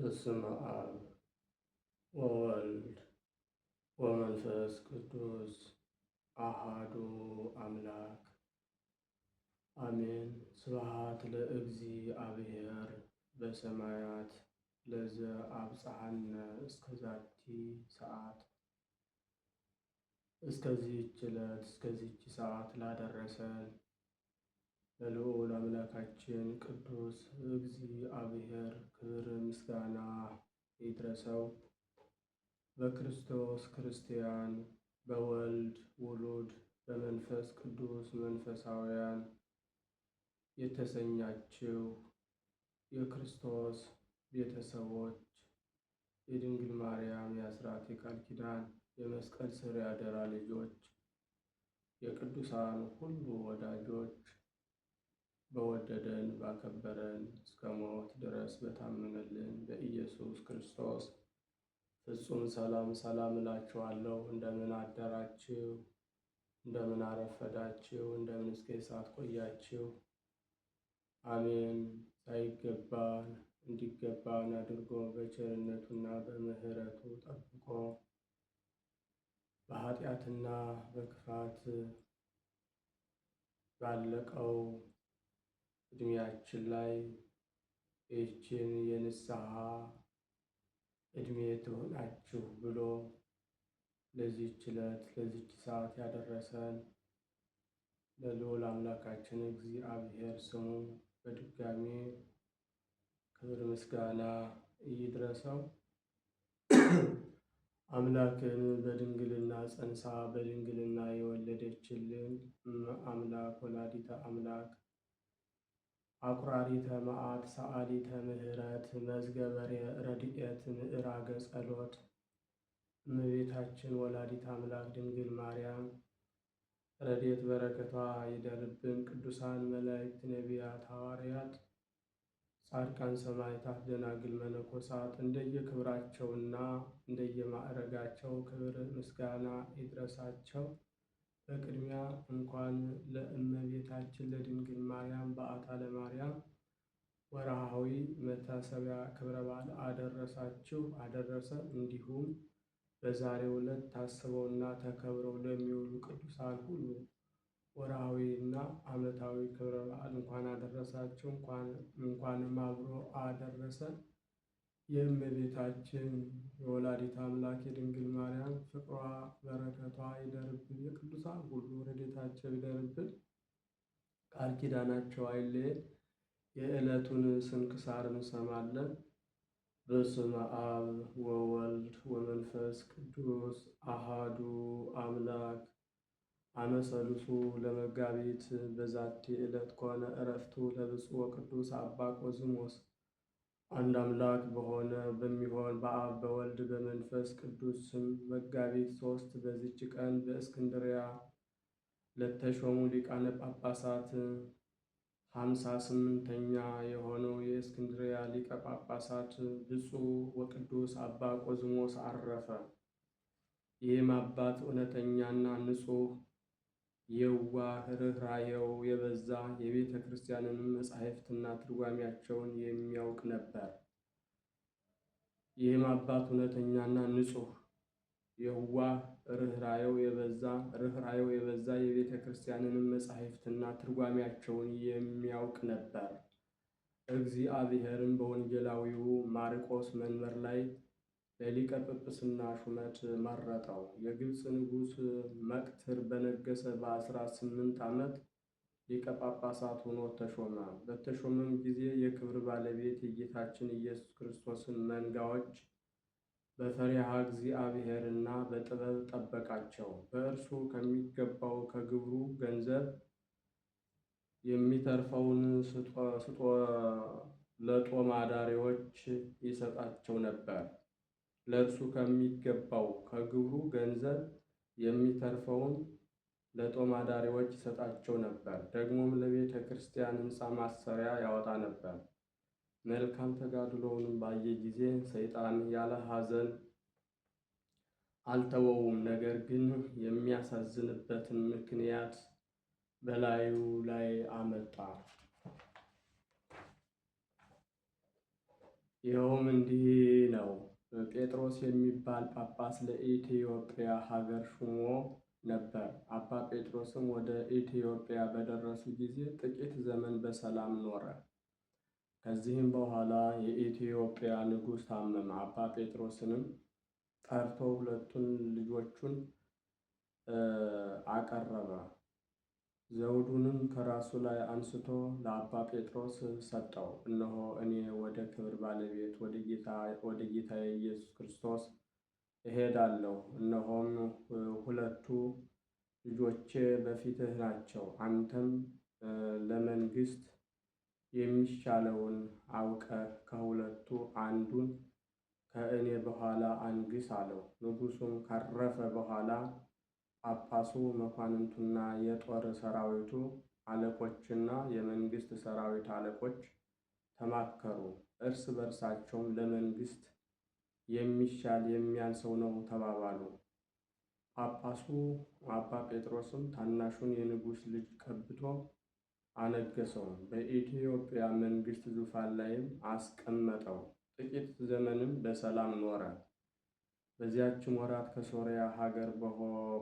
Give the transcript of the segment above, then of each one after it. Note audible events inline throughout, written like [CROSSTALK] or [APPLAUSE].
በስመ አብ ወወልድ ወመንፈስ ቅዱስ አሃዱ አምላክ አሜን። ስብሐት ለእግዚአብሔር በሰማያት ለዘ አብጽሐነ እስከ ዛቲ ሰዓት እስከዚህች ዕለት እስከዚህች ሰዓት ላደረሰን ልዑል አምላካችን ቅዱስ እግዚአብሔር ክብር ምስጋና ይድረሰው። በክርስቶስ ክርስቲያን፣ በወልድ ውሉድ፣ በመንፈስ ቅዱስ መንፈሳውያን የተሰኛችው የክርስቶስ ቤተሰቦች የድንግል ማርያም የአስራት የቃል ኪዳን የመስቀል ስር ያደራ ልጆች የቅዱሳን ሁሉ ወዳጆች ባከበረን እስከ ሞት ድረስ በታመነልን በኢየሱስ ክርስቶስ ፍጹም ሰላም ሰላም እላችኋለሁ። እንደምን አደራችሁ? እንደምን አረፈዳችሁ? እንደምን እስከ ሰዓት ቆያችሁ? አሜን። ሳይገባን እንዲገባን አድርጎ በቸርነቱና በምሕረቱ ጠብቆ በኃጢአትና በክፋት ባለቀው እድሜያችን ላይ ይህችን የንስሐ እድሜ ትሆናችሁ ብሎ ለዚች ዕለት ለዚች ሰዓት ያደረሰን ለልዑል አምላካችን እግዚአብሔር ስሙ በድጋሚ ክብር ምስጋና ይድረሰው። አምላክን በድንግልና ጸንሳ በድንግልና የወለደችልን አምላክ ወላዲተ አምላክ አቁራሪተ መዓት ሰዓሊተ ምሕረት መዝገበሬ ረድኤት ምዕራገ ጸሎት እመቤታችን ወላዲት አምላክ ድንግል ማርያም ረድኤት በረከቷ ይደርብን። ቅዱሳን መላእክት፣ ነቢያት፣ ሐዋርያት፣ ጻድቃን፣ ሰማዕታት፣ ደናግል፣ መነኮሳት እንደየክብራቸውና እንደየማዕረጋቸው ክብር ምስጋና ይድረሳቸው። በቅድሚያ እንኳን ለእመቤታችን ለድንግል ማርያም በዓታ ለማርያም ወርሃዊ መታሰቢያ ክብረ በዓል አደረሳችሁ አደረሰ። እንዲሁም በዛሬው ዕለት ታስበውና ተከብረው ለሚውሉ ቅዱሳን ሁሉ እና ዓመታዊ ክብረ በዓል እንኳን አደረሳችሁ፣ እንኳንም አብሮ አደረሰ። የእመቤታችን የወላዲት አምላክ የድንግል ማርያም ፍቅሯ በረከቷ ይደርብን። የቅዱሳን ሁሉ ረድኤታቸው ይደርብን። ቃል ኪዳናቸው አይለየን። የዕለቱን ስንክሳር እንሰማለን። በስመ አብ ወወልድ ወመንፈስ ቅዱስ አሃዱ አምላክ አመሰልሱ ለመጋቢት በዛቲ ዕለት ከሆነ እረፍቱ ለብፁዕ ወቅዱስ አባ ቆዝሞስ አንድ አምላክ በሆነ በሚሆን በአብ በወልድ በመንፈስ ቅዱስ ስም መጋቢት ሶስት በዚች ቀን በእስክንድሪያ ለተሾሙ ሊቃነ ጳጳሳት ሀምሳ ስምንተኛ የሆነው የእስክንድሪያ ሊቀ ጳጳሳት ብፁዕ ወቅዱስ አባ ቆዝሞስ አረፈ። ይህም አባት እውነተኛና ንጹሕ የዋህ ርኅራየው የበዛ የቤተ ክርስቲያንንም መጻሕፍትና ትርጓሚያቸውን የሚያውቅ ነበር። ይህም አባት እውነተኛና ንጹሕ የዋህ ርኅራየው የበዛ ርኅራየው የበዛ የቤተ ክርስቲያንንም መጻሕፍትና ትርጓሚያቸውን የሚያውቅ ነበር። እግዚአብሔርም በወንጌላዊው ማርቆስ መንበር ላይ ሊቀ ጵጵስና ሹመት መረጠው። የግብፅ ንጉሥ መቅትር በነገሰ በአስራ ስምንት ዓመት ሊቀ ጳጳሳት ሆኖ ተሾመ። በተሾመም ጊዜ የክብር ባለቤት የጌታችን ኢየሱስ ክርስቶስን መንጋዎች በፈሪሃ እግዚአብሔርና በጥበብ ጠበቃቸው። በእርሱ ከሚገባው ከግብሩ ገንዘብ የሚተርፈውን ስጦ ለጦም አዳሪዎች ይሰጣቸው ነበር። ለእርሱ ከሚገባው ከግብሩ ገንዘብ የሚተርፈውን ለጦም አዳሪዎች ይሰጣቸው ነበር። ደግሞም ለቤተ ክርስቲያን ሕንፃ ማሰሪያ ያወጣ ነበር። መልካም ተጋድሎውንም ባየ ጊዜ ሰይጣን ያለ ሐዘን አልተወውም። ነገር ግን የሚያሳዝንበትን ምክንያት በላዩ ላይ አመጣ። ይኸውም እንዲህ ነው። ጴጥሮስ የሚባል ጳጳስ ለኢትዮጵያ ሀገር ሹሞ ነበር። አባ ጴጥሮስም ወደ ኢትዮጵያ በደረሱ ጊዜ ጥቂት ዘመን በሰላም ኖረ። ከዚህም በኋላ የኢትዮጵያ ንጉሥ ታመመ። አባ ጴጥሮስንም ጠርቶ ሁለቱን ልጆቹን አቀረበ። ዘውዱንም ከራሱ ላይ አንስቶ ለአባ ጴጥሮስ ሰጠው። እነሆ እኔ ወደ ክብር ባለቤት ወደ ጌታ ኢየሱስ ክርስቶስ እሄዳለሁ። እነሆም ሁለቱ ልጆቼ በፊትህ ናቸው። አንተም ለመንግስት የሚሻለውን አውቀ ከሁለቱ አንዱን ከእኔ በኋላ አንግስ አለው። ንጉሱም ካረፈ በኋላ ጳጳሱ መኳንንቱና የጦር ሰራዊቱ አለቆችና የመንግስት ሰራዊት አለቆች ተማከሩ። እርስ በርሳቸውም ለመንግስት የሚሻል የሚያንሰው ነው ተባባሉ። ጳጳሱ አባ ጴጥሮስም ታናሹን የንጉሥ ልጅ ቀብቶ አነገሰው፣ በኢትዮጵያ መንግስት ዙፋን ላይም አስቀመጠው። ጥቂት ዘመንም በሰላም ኖረ። በዚያችም ወራት ከሶርያ ሀገር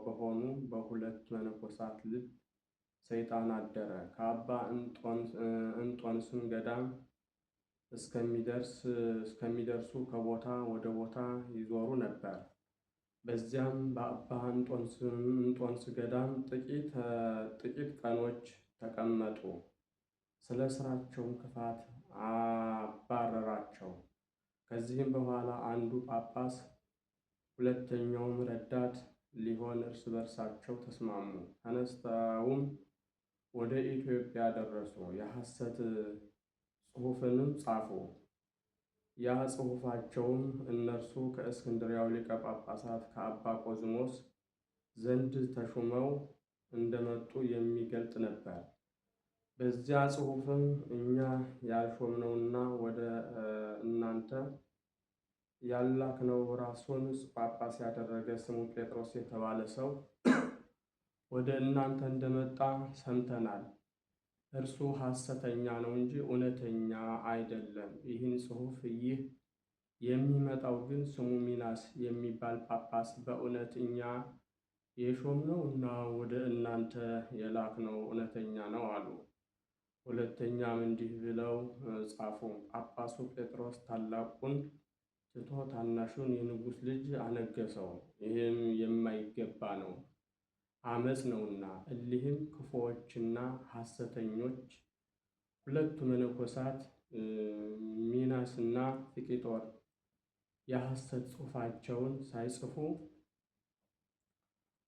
በሆኑ በሁለት መነኮሳት ልብ ሰይጣን አደረ። ከአባ እንጦንስን ገዳም እስከሚደርሱ ከቦታ ወደ ቦታ ይዞሩ ነበር። በዚያም በአባ እንጦንስ ገዳም ጥቂት ቀኖች ተቀመጡ። ስለ ስራቸውም ክፋት አባረራቸው። ከዚህም በኋላ አንዱ ጳጳስ ሁለተኛውም ረዳት ሊሆን እርስ በርሳቸው ተስማሙ። ተነስተውም ወደ ኢትዮጵያ ደረሱ። የሐሰት ጽሑፍንም ጻፉ። ያ ጽሑፋቸውም እነርሱ ከእስክንድሪያው ሊቀ ጳጳሳት ከአባ ቆዝሞስ ዘንድ ተሹመው እንደመጡ የሚገልጥ ነበር። በዚያ ጽሑፍም እኛ ያልሾምነውና ወደ እናንተ ያላክነው ራሱን ጳጳስ ያደረገ ስሙ ጴጥሮስ የተባለ ሰው ወደ እናንተ እንደመጣ ሰምተናል። እርሱ ሐሰተኛ ነው እንጂ እውነተኛ አይደለም። ይህን ጽሑፍ ይህ የሚመጣው ግን ስሙ ሚናስ የሚባል ጳጳስ በእውነት እኛ የሾምነው እና ወደ እናንተ የላክነው እውነተኛ ነው አሉ። ሁለተኛም እንዲህ ብለው ጻፉ። ጳጳሱ ጴጥሮስ ታላቁን ትቶ ታናሹን የንጉሥ ልጅ አነገሰው ይህም የማይገባ ነው፣ አመፅ ነውና። እሊህም ክፉዎችና ሐሰተኞች ሁለቱ መነኮሳት ሚናስና ፊቂጦር የሐሰት ጽሑፋቸውን ሳይጽፉ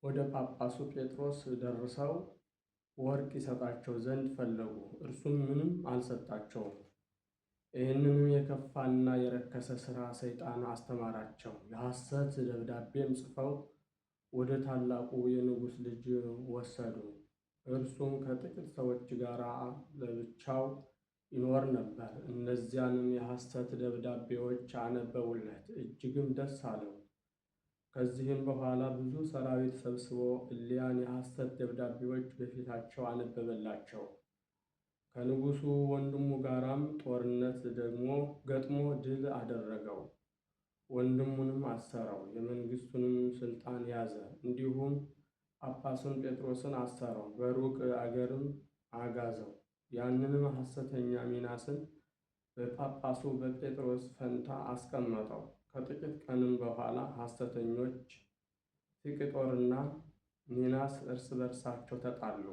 ወደ ጳጳሱ ጴጥሮስ ደርሰው ወርቅ ይሰጣቸው ዘንድ ፈለጉ። እርሱም ምንም አልሰጣቸውም። ይህንኑ የከፋና የረከሰ ሥራ ሰይጣን አስተማራቸው። የሐሰት ደብዳቤም ጽፈው ወደ ታላቁ የንጉሥ ልጅ ወሰዱ። እርሱም ከጥቂት ሰዎች ጋር ለብቻው ይኖር ነበር። እነዚያንም የሐሰት ደብዳቤዎች አነበቡለት፣ እጅግም ደስ አለው። ከዚህም በኋላ ብዙ ሰራዊት ሰብስቦ እሊያን የሐሰት ደብዳቤዎች በፊታቸው አነበበላቸው። ከንጉሱ ወንድሙ ጋራም ጦርነት ደግሞ ገጥሞ ድል አደረገው። ወንድሙንም አሰረው፣ የመንግስቱንም ስልጣን ያዘ። እንዲሁም ጳጳሱን ጴጥሮስን አሰረው፣ በሩቅ አገርም አጋዘው። ያንንም ሐሰተኛ ሚናስን በጳጳሱ በጴጥሮስ ፈንታ አስቀመጠው። ከጥቂት ቀንም በኋላ ሐሰተኞች ፊቅጦርና ሚናስ እርስ በርሳቸው ተጣሉ።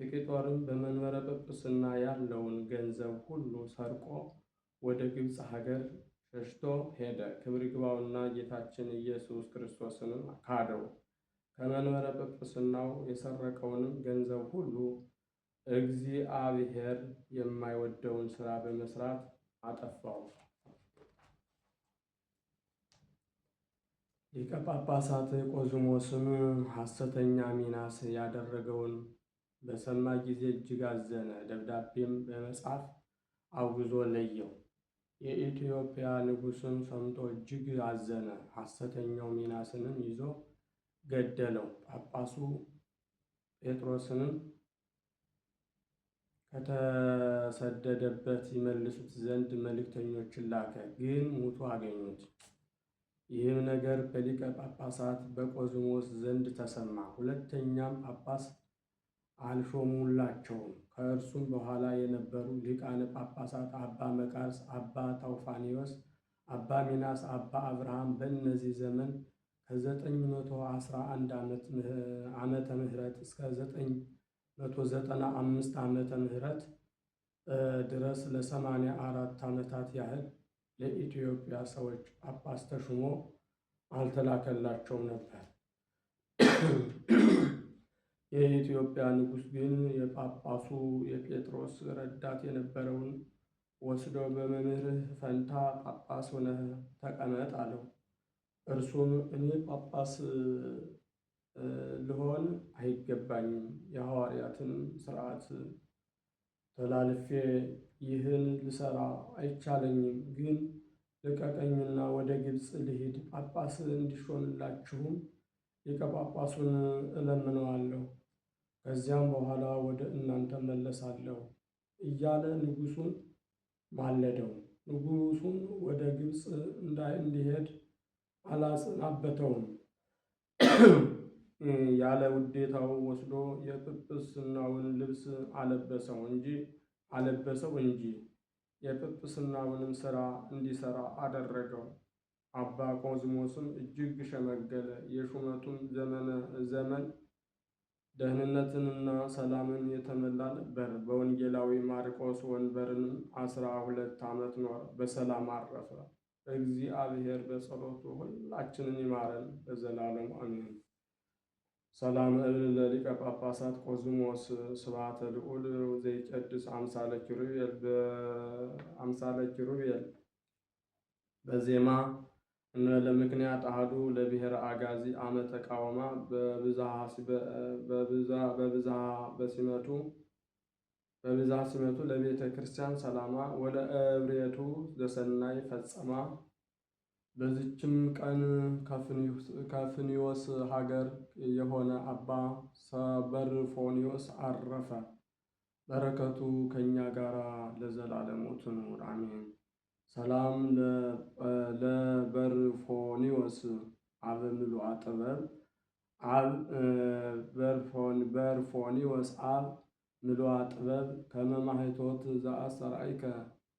ፊቅጦርም በመንበረ ጵጵስና ያለውን ገንዘብ ሁሉ ሰርቆ ወደ ግብፅ ሀገር ሸሽቶ ሄደ። ክብር ይግባውና ጌታችን ኢየሱስ ክርስቶስንም ካደው። ከመንበረ ጵጵስናው የሰረቀውንም ገንዘብ ሁሉ እግዚአብሔር የማይወደውን ስራ በመስራት አጠፋው። ሊቀ ጳጳሳት ቆዝሞስም ሐሰተኛ ሚናስ ያደረገውን በሰማ ጊዜ እጅግ አዘነ። ደብዳቤም በመጻፍ አውግዞ ለየው። የኢትዮጵያ ንጉሥም ሰምቶ እጅግ አዘነ። ሐሰተኛው ሚናስንም ይዞ ገደለው። ጳጳሱ ጴጥሮስንም ከተሰደደበት ይመልሱት ዘንድ መልእክተኞችን ላከ፣ ግን ሙቶ አገኙት። ይህም ነገር በሊቀ ጳጳሳት በቆዝሞስ ዘንድ ተሰማ። ሁለተኛም ጳጳስ አልሾሙላቸውም። ከእርሱም በኋላ የነበሩ ሊቃነ ጳጳሳት አባ መቃርስ፣ አባ ታውፋኒዮስ አባ ሚናስ፣ አባ አብርሃም በእነዚህ ዘመን ከ911 ዓመተ ምህረት እስከ 995 ዓመተ ምህረት ድረስ ለ አራት ዓመታት ያህል ለኢትዮጵያ ሰዎች ጳጳስ ተሹሞ አልተላከላቸው ነበር። የኢትዮጵያ ንጉሥ ግን የጳጳሱ የጴጥሮስ ረዳት የነበረውን ወስዶ በመምህርህ ፈንታ ጳጳስ ሆነህ ተቀመጥ አለው። እርሱም እኔ ጳጳስ ልሆን አይገባኝም፣ የሐዋርያትን ሥርዓት ተላልፌ ይህን ልሰራ አይቻለኝም። ግን ልቀቀኝና ወደ ግብፅ ልሂድ፣ ጳጳስ እንዲሾምላችሁም ሊቀ ጳጳሱን እለምነዋለሁ። ከዚያም በኋላ ወደ እናንተ መለሳለሁ እያለ ንጉሱን ማለደው። ንጉሱን ወደ ግብፅ እንዲሄድ አላሰናበተውም። [CLEARS THROAT] ያለ ውዴታው ወስዶ የጵጵስናውን ልብስ አለበሰው እንጂ አለበሰው እንጂ የጵጵስናውንም ስራ እንዲሰራ አደረገው። አባ ቆዝሞስም እጅግ ሸመገለ። የሹመቱን ዘመን ደህንነትንና ሰላምን የተመላ ነበር። በወንጌላዊ ማርቆስ ወንበርንም አስራ ሁለት ዓመት ኖረ፣ በሰላም አረፈ። እግዚአብሔር በጸሎቱ ሁላችንን ይማረን ለዘላለም አሜን። ሰላም እብል ለሊቀ ጳጳሳት ቆዝሞስ ስብሐተ ልዑል ዘይጨድስ አምሳለ ኪሩቤል በአምሳለ ኪሩቤል በዜማ ለምክንያት አህዱ ለብሔረ አጋዚ አመ ተቃወማ በብዛ ሲመቱ ለቤተ ክርስቲያን ሰላማ ወደ እብሬቱ ዘሰናይ ፈጸማ። በዚችም ቀን ከፍኒዎስ ሀገር የሆነ አባ ሰበርፎኒዎስ አረፈ። በረከቱ ከእኛ ጋር ለዘላለሙ ትኑር አሜን። ሰላም ለበርፎኒዎስ አብ ምሉአ ጥበብ አብ በርፎኒዎስ አብ ምሉ ጥበብ ከመማህቶት ዘአሰራይከ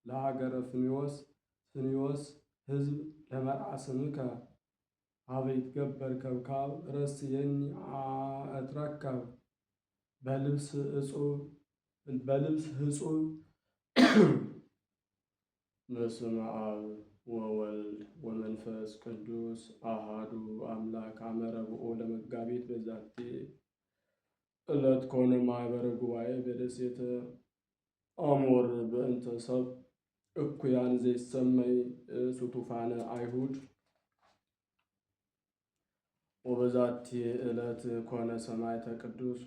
ለሀገረ ፍኒዎስ ፍኒዎስ ህዝብ ለመርዓ ስምከ አበይት ገበር ከብካብ ረስየኒ አትረከብ በልብስ እጹብ በልብስ ህጹብ በስመ አብ ወወልድ ወመንፈስ ቅዱስ አሃዱ አምላክ አመ ረብኦ ለመጋቢት በዛቲ ዕለት ኮነ ማኅበረ ጉባኤ በደሴተ አሞር በእንተ ሰብ እኩያን ዘይሰመይ ሱቱፋነ አይሁድ ወበዛቲ ዕለት ኮነ ሰማዕተ ቅዱስ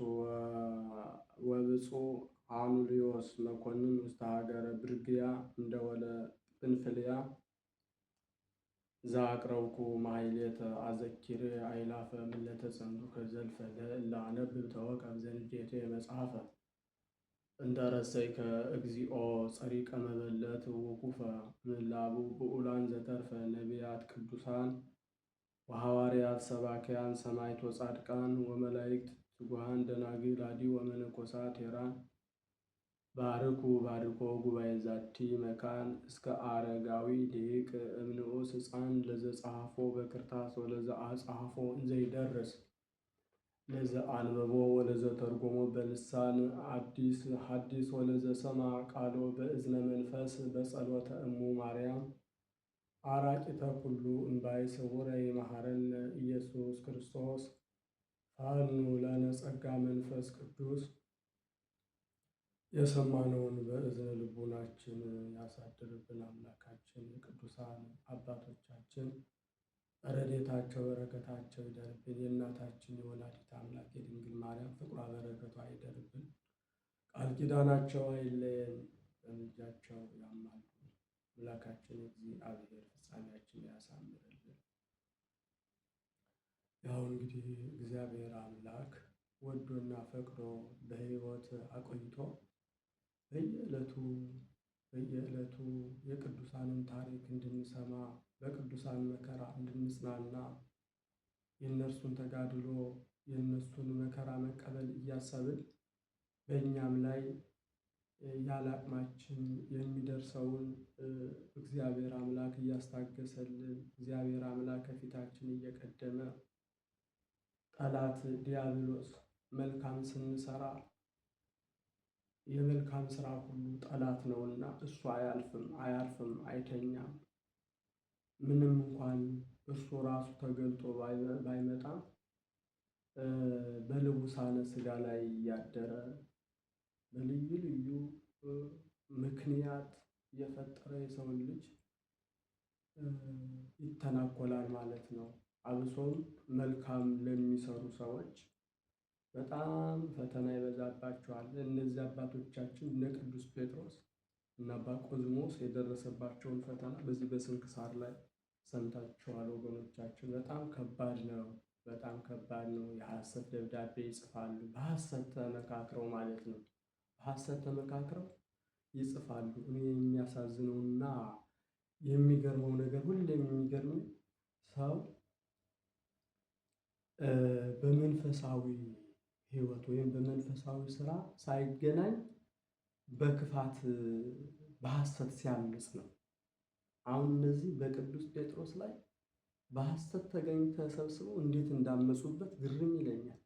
ወብፁዕ አኑሊዮስ መኮንን ውስተ ሀገረ ብርግያ እንደወለ ጵንፍልያ ዘአቅረብኩ ማሕሌተ አዘኪሬ አይላፈ ምለተ ጸንዱከ ዘልፈ ለእላነብብ ተወቀብ ዘንዴቴ መጽሐፈ እንደረሰይ ከእግዚኦ ጸሪቀ መበለት ውኩፈ ምላቡ ብዑላን ዘተርፈ ነቢያት ቅዱሳን ወሐዋርያት ሰባክያን ሰማይቶ ጻድቃን ወመላይክት ትጉሃን ደናግል አዲ ወመነኮሳት ቴራን ባርኩ ባርኮ ጉባኤ ዛቲ መካን እስከ አረጋዊ ሊቅ እምንዑስ ሕፃን ለዘ ጸሐፎ በክርታስ ወለዘ አጸሐፎ እንዘይደርስ ለዘ አንበቦ ወለዘ ተርጎሞ በልሳን አዲስ ሐዲስ ወለዘ ሰማ ቃሎ በእዝነ መንፈስ በጸሎተ እሙ ማርያም አራቂተ ሁሉ እምባይ ስውረ ይመሐረነ ኢየሱስ ክርስቶስ አኑ ለነ ጸጋ መንፈስ ቅዱስ የሰማነውን በእዝነ ልቡናችን ያሳድርብን። አምላካችን ቅዱሳን አባቶቻችን ረድኤታቸው በረከታቸው ይደርብን። የእናታችን የወላዲት አምላክ የድንግል ማርያም ፍቅሯ በረከቷ ይደርብን። ቃል ኪዳናቸው አይለየን። በምልጃቸው ያማሉ አምላካችን እግዚአብሔር ፍጻሜያችን ያሳምርልን። ያው እንግዲህ እግዚአብሔር አምላክ ወዶና ፈቅዶ በሕይወት አቆይቶ በየዕለቱ በየዕለቱ የቅዱሳንን ታሪክ እንድንሰማ በቅዱሳን መከራ እንድንጽናና የእነርሱን ተጋድሎ የእነሱን መከራ መቀበል እያሰብን በእኛም ላይ ያላቅማችን የሚደርሰውን እግዚአብሔር አምላክ እያስታገሰልን እግዚአብሔር አምላክ ከፊታችን እየቀደመ ጠላት ዲያብሎስ መልካም ስንሰራ የመልካም ስራ ሁሉ ጠላት ነውና እሱ አያልፍም አያርፍም አይተኛም። ምንም እንኳን እርሱ ራሱ ተገልጦ ባይመጣ በልቡሳነ ስጋ ላይ እያደረ በልዩ ልዩ ምክንያት የፈጠረ የሰውን ልጅ ይተናኮላል ማለት ነው። አብሶም መልካም ለሚሰሩ ሰዎች በጣም ፈተና ይበዛባቸዋል። እነዚህ አባቶቻችን እነ ቅዱስ ጴጥሮስ እና አባ ቆዝሞስ የደረሰባቸውን ፈተና በዚህ በስንክሳር ላይ ሰምታችኋል ወገኖቻችን። በጣም ከባድ ነው፣ በጣም ከባድ ነው። የሐሰት ደብዳቤ ይጽፋሉ። በሐሰት ተመካክረው ማለት ነው። በሐሰት ተመካክረው ይጽፋሉ። እኔ የሚያሳዝነውና የሚገርመው ነገር ሁሌም የሚገርመው ሰው በመንፈሳዊ ህይወት ወይም በመንፈሳዊ ስራ ሳይገናኝ በክፋት በሐሰት ሲያምፅ ነው። አሁን እነዚህ በቅዱስ ጴጥሮስ ላይ በሐሰት ተገኝ ተሰብስበው እንዴት እንዳመፁበት ግርም ይለኛል።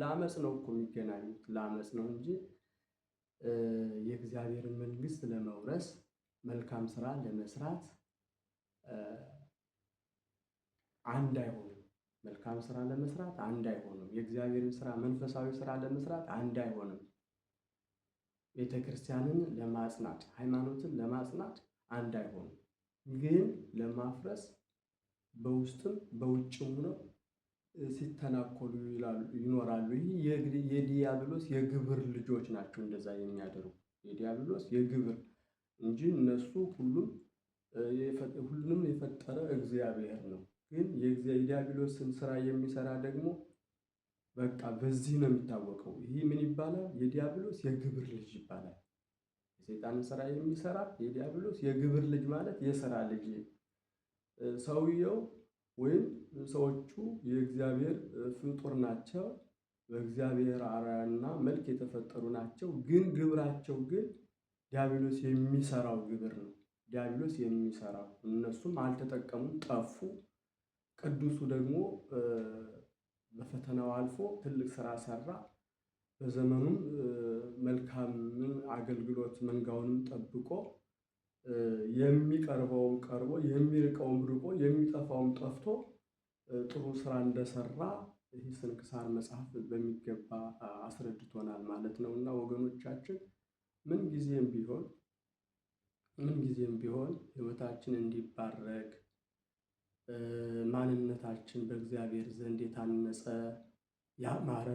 ለአመፅ ነው እኮ የሚገናኙት ለአመፅ ነው እንጂ የእግዚአብሔርን መንግስት ለመውረስ መልካም ስራ ለመስራት አንድ አይሆኑ። መልካም ስራ ለመስራት አንድ አይሆንም። የእግዚአብሔርን ስራ መንፈሳዊ ስራ ለመስራት አንድ አይሆንም። ቤተ ክርስቲያንን ለማጽናት ሃይማኖትን ለማጽናት አንድ አይሆንም። ግን ለማፍረስ በውስጥም በውጭም ሆነው ሲተናኮሉ ይኖራሉ። ይህ የዲያብሎስ የግብር ልጆች ናቸው እንደዛ የሚያደርጉ የዲያብሎስ የግብር እንጂ እነሱ ሁሉም ሁሉንም የፈጠረ እግዚአብሔር ነው። ግን የዲያብሎስን ስራ የሚሰራ ደግሞ በቃ በዚህ ነው የሚታወቀው። ይህ ምን ይባላል? የዲያብሎስ የግብር ልጅ ይባላል። የሰይጣንን ስራ የሚሰራ የዲያብሎስ የግብር ልጅ ማለት የስራ ልጅ ሰውየው ወይም ሰዎቹ የእግዚአብሔር ፍጡር ናቸው። በእግዚአብሔር አርአያና መልክ የተፈጠሩ ናቸው። ግን ግብራቸው ግን ዲያብሎስ የሚሰራው ግብር ነው። ዲያብሎስ የሚሰራው እነሱም አልተጠቀሙም፣ ጠፉ። ቅዱሱ ደግሞ በፈተናው አልፎ ትልቅ ስራ ሰራ። በዘመኑም መልካም አገልግሎት መንጋውንም ጠብቆ የሚቀርበውም ቀርቦ የሚርቀውም ርቆ የሚጠፋውም ጠፍቶ ጥሩ ስራ እንደሰራ ይህ ስንክሳር መጽሐፍ በሚገባ አስረድቶናል ማለት ነው እና ወገኖቻችን ምንጊዜም ቢሆን ምንጊዜም ቢሆን ህይወታችን እንዲባረግ? ማንነታችን በእግዚአብሔር ዘንድ የታነጸ ያማረ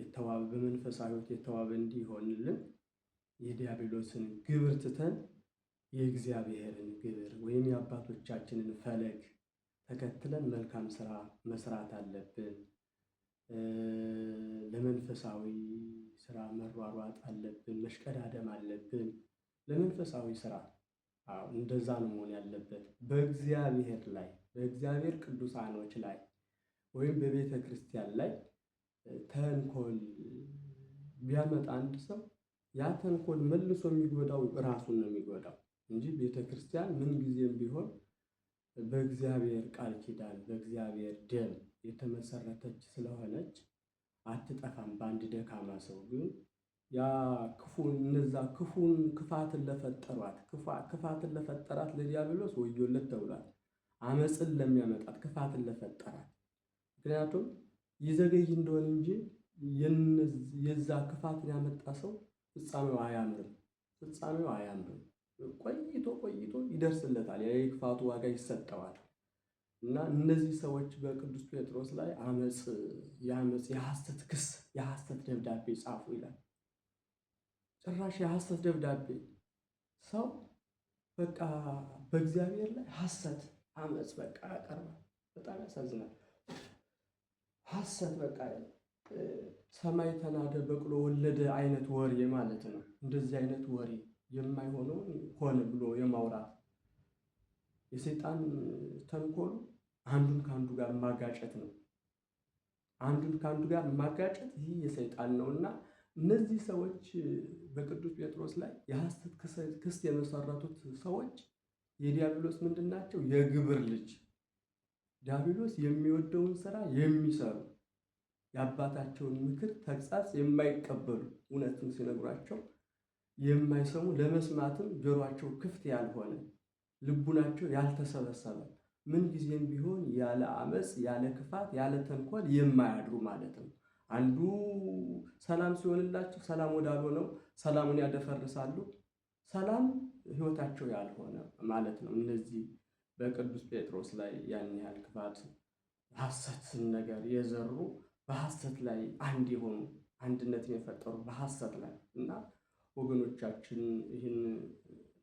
የተዋበ በመንፈሳዊ ሕይወት የተዋበ እንዲሆንልን የዲያብሎስን ግብር ትተን የእግዚአብሔርን ግብር ወይም የአባቶቻችንን ፈለግ ተከትለን መልካም ስራ መስራት አለብን። ለመንፈሳዊ ስራ መሯሯጥ አለብን፣ መሽቀዳደም አለብን። ለመንፈሳዊ ስራ እንደዛ ነው መሆን ያለበት በእግዚአብሔር ላይ በእግዚአብሔር ቅዱሳኖች ላይ ወይም በቤተ ክርስቲያን ላይ ተንኮል ቢያመጣ አንድ ሰው ያ ተንኮል መልሶ የሚጎዳው ራሱን ነው የሚጎዳው እንጂ ቤተ ክርስቲያን ምን ጊዜም ቢሆን በእግዚአብሔር ቃል ኪዳን በእግዚአብሔር ደም የተመሰረተች ስለሆነች አትጠፋም። በአንድ ደካማ ሰው ግን ያ ክፉን እነዛ ክፉን ክፋትን ለፈጠሯት ክፋትን ለፈጠራት ለዲያብሎስ ወዮለት ተብሏል። አመፅን ለሚያመጣት ክፋትን ለፈጠራት። ምክንያቱም ይዘገይ እንደሆነ እንጂ የዛ ክፋትን ያመጣ ሰው ፍጻሜው አያምርም፣ ፍጻሜው አያምርም። ቆይቶ ቆይቶ ይደርስለታል፣ የክፋቱ ዋጋ ይሰጠዋል። እና እነዚህ ሰዎች በቅዱስ ጴጥሮስ ላይ አመፅ የአመፅ የሐሰት ክስ የሐሰት ደብዳቤ ጻፉ ይላል። ጭራሽ የሐሰት ደብዳቤ ሰው በቃ በእግዚአብሔር ላይ ሐሰት አመፅ በቃ ቀርቧል። በጣም ያሳዝናል። ሐሰት በቃ ሰማይ ተናደ በቅሎ ወለደ አይነት ወሬ ማለት ነው። እንደዚህ አይነት ወሬ የማይሆነውን ሆነ ብሎ የማውራት የሰይጣን ተንኮሉ አንዱን ከአንዱ ጋር ማጋጨት ነው። አንዱን ከአንዱ ጋር ማጋጨት ይህ የሰይጣን ነው እና እነዚህ ሰዎች በቅዱስ ጴጥሮስ ላይ የሐሰት ክስ የመሰረቱት ሰዎች የዲያብሎስ ምንድን ናቸው? የግብር ልጅ ዲያብሎስ የሚወደውን ስራ የሚሰሩ የአባታቸውን ምክር ተግሳጽ የማይቀበሉ እውነትን ሲነግሯቸው የማይሰሙ ለመስማትም ጆሯቸው ክፍት ያልሆነ ልቡናቸው ያልተሰበሰበ ምንጊዜም ቢሆን ያለ አመፅ ያለ ክፋት ያለ ተንኮል የማያድሩ ማለት ነው። አንዱ ሰላም ሲሆንላቸው ሰላም ወዳልሆነው ሰላሙን ያደፈርሳሉ። ሰላም ህይወታቸው ያልሆነ ማለት ነው። እነዚህ በቅዱስ ጴጥሮስ ላይ ያን ያህል ክፋት፣ ሐሰትን ነገር የዘሩ በሐሰት ላይ አንድ የሆኑ አንድነትን የፈጠሩ በሐሰት ላይ እና ወገኖቻችን ይህን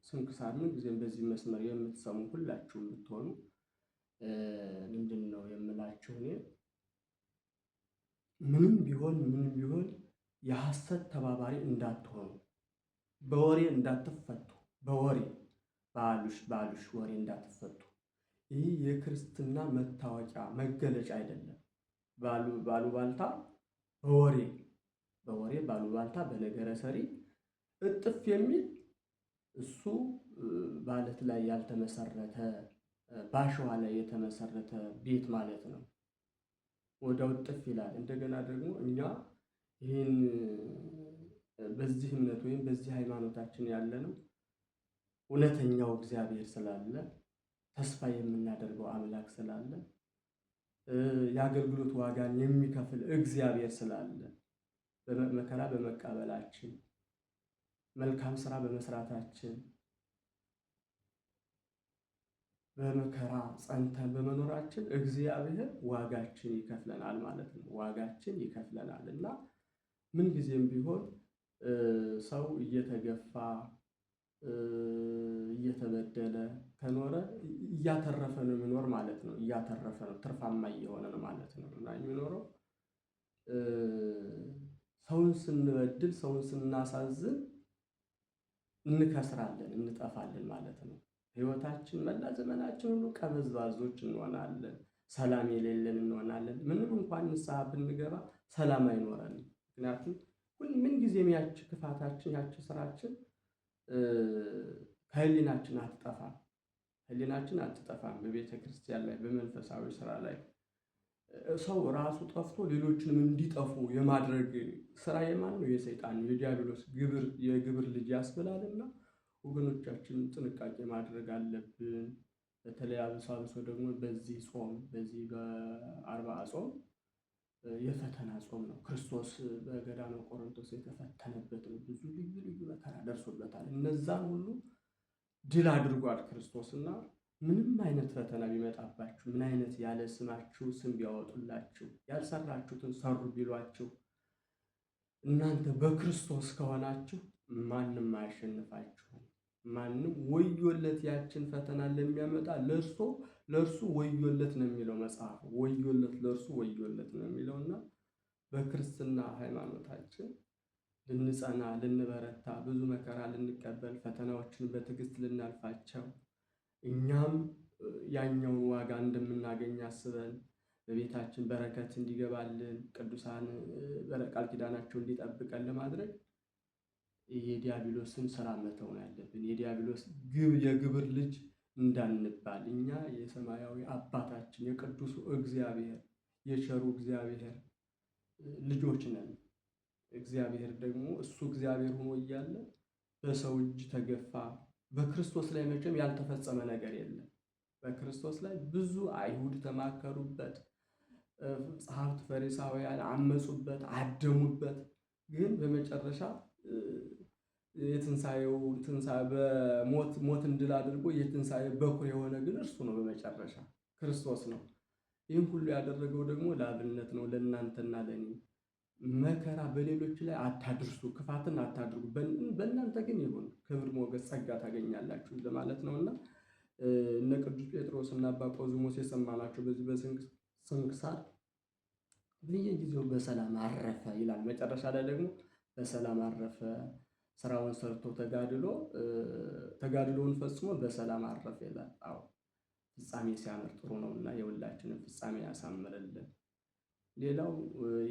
ስንክሳር ጊዜም በዚህ መስመር የምትሰሙ ሁላችሁ የምትሆኑ ምንድን ነው የምላችሁ እኔ ምንም ቢሆን ምንም ቢሆን የሐሰት ተባባሪ እንዳትሆኑ፣ በወሬ እንዳትፈቱ በወሬ በአሉሽ በአሉሽ ወሬ እንዳትፈቱ። ይህ የክርስትና መታወቂያ መገለጫ አይደለም። ባሉ ባልታ በወሬ በወሬ ባሉ ባልታ በነገረ ሰሪ እጥፍ የሚል እሱ ባለት ላይ ያልተመሰረተ ባሸዋ ላይ የተመሰረተ ቤት ማለት ነው። ወዲያው እጥፍ ይላል። እንደገና ደግሞ እኛ ይህን በዚህ እምነት ወይም በዚህ ሃይማኖታችን ያለ ነው እውነተኛው እግዚአብሔር ስላለ ተስፋ የምናደርገው አምላክ ስላለ የአገልግሎት ዋጋን የሚከፍል እግዚአብሔር ስላለ መከራ በመቀበላችን መልካም ስራ በመስራታችን በመከራ ጸንተን በመኖራችን እግዚአብሔር ዋጋችን ይከፍለናል ማለት ነው። ዋጋችን ይከፍለናል እና ምንጊዜም ቢሆን ሰው እየተገፋ እየተበደለ ከኖረ እያተረፈ ነው የሚኖር ማለት ነው። እያተረፈ ነው፣ ትርፋማ እየሆነ ነው ማለት ነው እና የሚኖረው ሰውን ስንበድል፣ ሰውን ስናሳዝን እንከስራለን፣ እንጠፋለን ማለት ነው። ህይወታችን መላ ዘመናችን ሁሉ ቀበዝባዞች እንሆናለን። ሰላም የሌለን እንሆናለን። ምንም እንኳን ንስሐ ብንገባ ሰላም አይኖረንም። ምክንያቱም ሁል ምን ጊዜም ያች ክፋታችን ያች ስራችን ከህሊናችን አትጠፋም። ህሊናችን አትጠፋም። በቤተ ክርስቲያን ላይ በመንፈሳዊ ስራ ላይ ሰው ራሱ ጠፍቶ ሌሎችንም እንዲጠፉ የማድረግ ስራ የማን ነው? የሰይጣን የዲያብሎስ ግብር የግብር ልጅ ያስብላልና ወገኖቻችን ጥንቃቄ ማድረግ አለብን። በተለይ አብሶ አብሶ ደግሞ በዚህ ጾም በዚህ በአርባ ጾም የፈተና ጾም ነው። ክርስቶስ በገዳመ ቆሮንቶስ የተፈተነበት ነው። ብዙ ልዩ ልዩ መከራ ደርሶበታል። እነዛን ሁሉ ድል አድርጓል ክርስቶስ እና ምንም አይነት ፈተና ቢመጣባችሁ፣ ምን አይነት ያለ ስማችሁ ስም ቢያወጡላችሁ፣ ያልሰራችሁትን ሰሩ ቢሏችሁ፣ እናንተ በክርስቶስ ከሆናችሁ ማንም አያሸንፋችሁም። ማንም ወዮለት ያችን ፈተና ለሚያመጣ ለእርሶ ለእርሱ ወዮለት ነው የሚለው መጽሐፍ። ወዮለት ለእርሱ ወዮለት ነው የሚለውና በክርስትና ሃይማኖታችን ልንጸና ልንበረታ፣ ብዙ መከራ ልንቀበል፣ ፈተናዎችን በትዕግስት ልናልፋቸው እኛም ያኛውን ዋጋ እንደምናገኝ አስበን በቤታችን በረከት እንዲገባልን ቅዱሳን ቃል ኪዳናቸው እንዲጠብቀን ለማድረግ የዲያብሎስን ስራ መተው ነው ያለብን። የዲያብሎስ ግብ የግብር ልጅ እንዳንባል እኛ የሰማያዊ አባታችን የቅዱሱ እግዚአብሔር የቸሩ እግዚአብሔር ልጆች ነን። እግዚአብሔር ደግሞ እሱ እግዚአብሔር ሆኖ እያለ በሰው እጅ ተገፋ። በክርስቶስ ላይ መቼም ያልተፈጸመ ነገር የለም። በክርስቶስ ላይ ብዙ አይሁድ ተማከሩበት፣ ጸሐፍት ፈሪሳውያን አመፁበት፣ አደሙበት። ግን በመጨረሻ የትንሣኤው በሞት ሞትን ድል አድርጎ የትንሣኤ በኩር የሆነ ግን እርሱ ነው፣ በመጨረሻ ክርስቶስ ነው። ይህም ሁሉ ያደረገው ደግሞ ለአብነት ነው፣ ለእናንተና ለእኔ። መከራ በሌሎች ላይ አታድርሱ፣ ክፋትን አታድርጉ፣ በእናንተ ግን ይሁን ክብር፣ ሞገስ፣ ጸጋ ታገኛላችሁ ለማለት ነው እና እነ ቅዱስ ጴጥሮስ እና አባ ቆዝሞስ የሰማናቸው በዚህ በስንክሳር በየጊዜው በሰላም አረፈ ይላል። መጨረሻ ላይ ደግሞ በሰላም አረፈ ስራውን ሰርቶ ተጋድሎ ተጋድሎውን ፈጽሞ በሰላም አረፍ ይላል። አዎ ፍጻሜ ሲያምር ጥሩ ነው እና የሁላችንም ፍጻሜ ያሳምርልን። ሌላው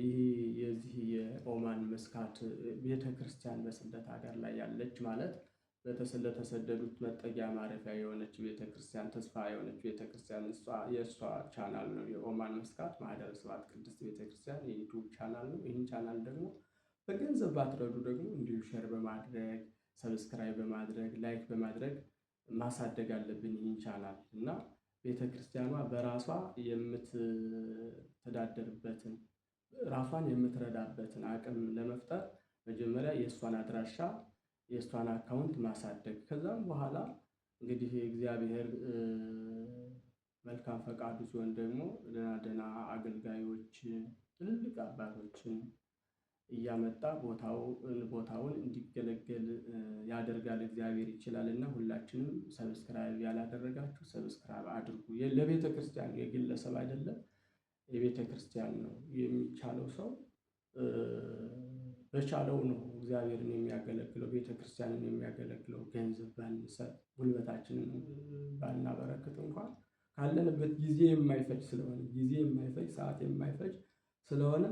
ይህ የዚህ የኦማን መስካት ቤተ ክርስቲያን በስደት ሀገር ላይ ያለች ማለት ለተሰደዱት መጠጊያ ማረፊያ የሆነች ቤተ ክርስቲያን ተስፋ የሆነች ቤተ ክርስቲያን የእሷ ቻናል ነው። የኦማን መስካት ማህደረ ስብሐት ቅድስት ቤተ ክርስቲያን የዩቱብ ቻናል ነው። ይህን ቻናል ደግሞ በገንዘብ ባትረዱ ደግሞ እንዲሁ ሼር በማድረግ ሰብስክራይብ በማድረግ ላይክ በማድረግ ማሳደግ አለብን ይቻላል እና ቤተ ክርስቲያኗ በራሷ የምትተዳደርበትን ራሷን የምትረዳበትን አቅም ለመፍጠር መጀመሪያ የእሷን አድራሻ የእሷን አካውንት ማሳደግ ከዛም በኋላ እንግዲህ እግዚአብሔር መልካም ፈቃዱ ሲሆን ደግሞ ደህና ደህና አገልጋዮች ትልልቅ አባቶችን እያመጣ ቦታውን እንዲገለገል ያደርጋል። እግዚአብሔር ይችላል እና ሁላችንም ሰብስክራይብ ያላደረጋችሁ ሰብስክራይብ አድርጉ። ለቤተ ክርስቲያን የግለሰብ አይደለም፣ የቤተ ክርስቲያን ነው። የሚቻለው ሰው በቻለው ነው እግዚአብሔርን የሚያገለግለው ቤተ ክርስቲያንን የሚያገለግለው። ገንዘብ ባንሰጥ ጉልበታችንን ባናበረክት እንኳን ካለንበት ጊዜ የማይፈጅ ስለሆነ ጊዜ የማይፈጅ ሰዓት የማይፈጅ ስለሆነ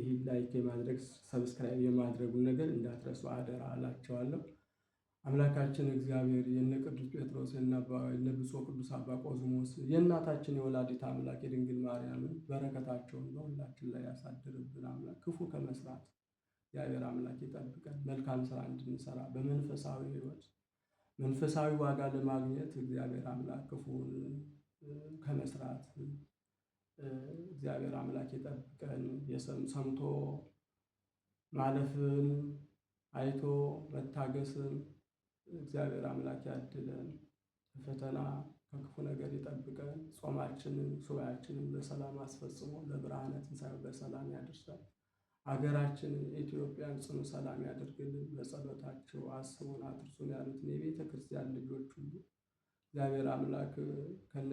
ይህ ላይክ የማድረግ ሰብስክራይብ የማድረጉን ነገር እንዳትረሱ አደራ አላቸዋለሁ አምላካችን እግዚአብሔር የነ ቅዱስ ጴጥሮስ የነ ብፁዕ ቅዱስ አባ ቆዝሞስ የእናታችን የወላዲት አምላክ የድንግል ማርያምን በረከታቸውን በሁላችን ላይ ያሳድርብን። አምላክ ክፉ ከመስራት እግዚአብሔር አምላክ ይጠብቀን። መልካም ስራ እንድንሰራ በመንፈሳዊ ሕይወት መንፈሳዊ ዋጋ ለማግኘት እግዚአብሔር አምላክ ክፉን ከመስራት እግዚአብሔር አምላክ ይጠብቀን። ሰምቶ ማለፍን አይቶ መታገስን እግዚአብሔር አምላክ ያድለን። ፈተና ከክፉ ነገር ይጠብቀን። ጾማችንን ሱባያችንን በሰላም አስፈጽሞ ለብርሃነ ትንሣኤው በሰላም ያድርሰን። ሀገራችንን ኢትዮጵያን ጽኑ ሰላም ያደርግልን። በጸሎታቸው አስቡን አድርሱን ያሉትን የቤተ ክርስቲያን ልጆች ሁሉ እግዚአብሔር አምላክ ከነ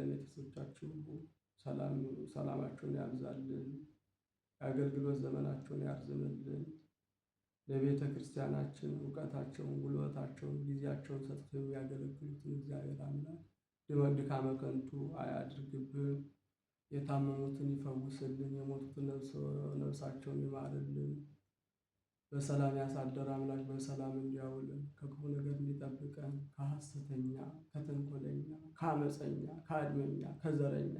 ሁሉ ሰላማቸውን ያብዛልን፣ የአገልግሎት ዘመናቸውን ያርዝምልን። ለቤተ ክርስቲያናችን እውቀታቸውን፣ ጉልበታቸውን፣ ጊዜያቸውን ሰጥተው የሚያገለግሉትን እግዚአብሔር አምላክ ድካመ ከንቱ አያድርግብን። የታመሙትን ይፈውስልን፣ የሞቱትን ነፍሳቸውን ይማርልን። በሰላም ያሳደረ አምላክ በሰላም እንዲያውልን፣ ከክፉ ነገር እንዲጠብቀን፣ ከሐሰተኛ፣ ከተንኮለኛ፣ ከአመፀኛ፣ ከአድመኛ፣ ከዘረኛ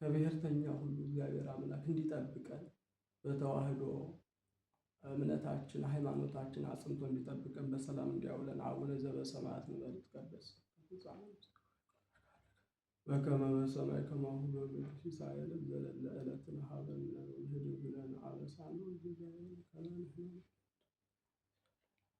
ከብሔርተኛ ሁሉ እግዚአብሔር አምላክ እንዲጠብቀን በተዋህዶ እምነታችን ሃይማኖታችን አጽንቶ እንዲጠብቀን በሰላም እንዲያውለን አቡነ ዘበሰማያት ይትቀደስ ይትቀደስ በከመ በሰማይ ከማሁ በምድር ሲሳየነ ዘለለ ዕለትነ ሀበነ እንህብ ብለን አበሳነ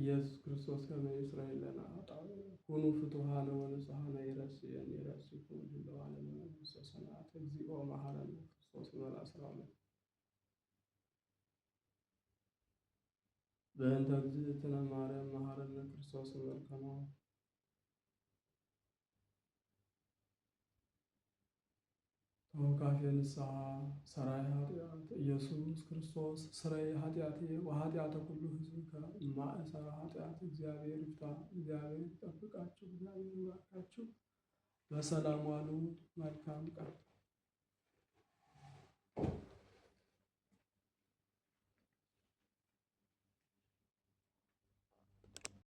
ኢየሱስ ክርስቶስ ከመ ይስረይ ለነ ኃጣውእ ሁኑ ፍቱሐነ ወንጹሐነ ይረስየን ይረስይኩሙ ዲበ ዓለምነ ውስተ ሰማያት እግዚኦ መሐረነ ክርስቶስ መላስራ በእንተ እግዝእትነ ማርያም መሐረነ ክርስቶስ መልከማ ተወካፌ ንስሐ ሰራይ ኃጢአት ኢየሱስ ክርስቶስ ስራይ ኃጢአቴ ወኃጢአተ ኩሉ ህዝብ ማእሰረ ኃጢአት እግዚአብሔር ይፍታ። እግዚአብሔር ይጠብቃችሁ። እግዚአብሔር ይባርካችሁ። በሰላም ዋሉ። መልካም ቀን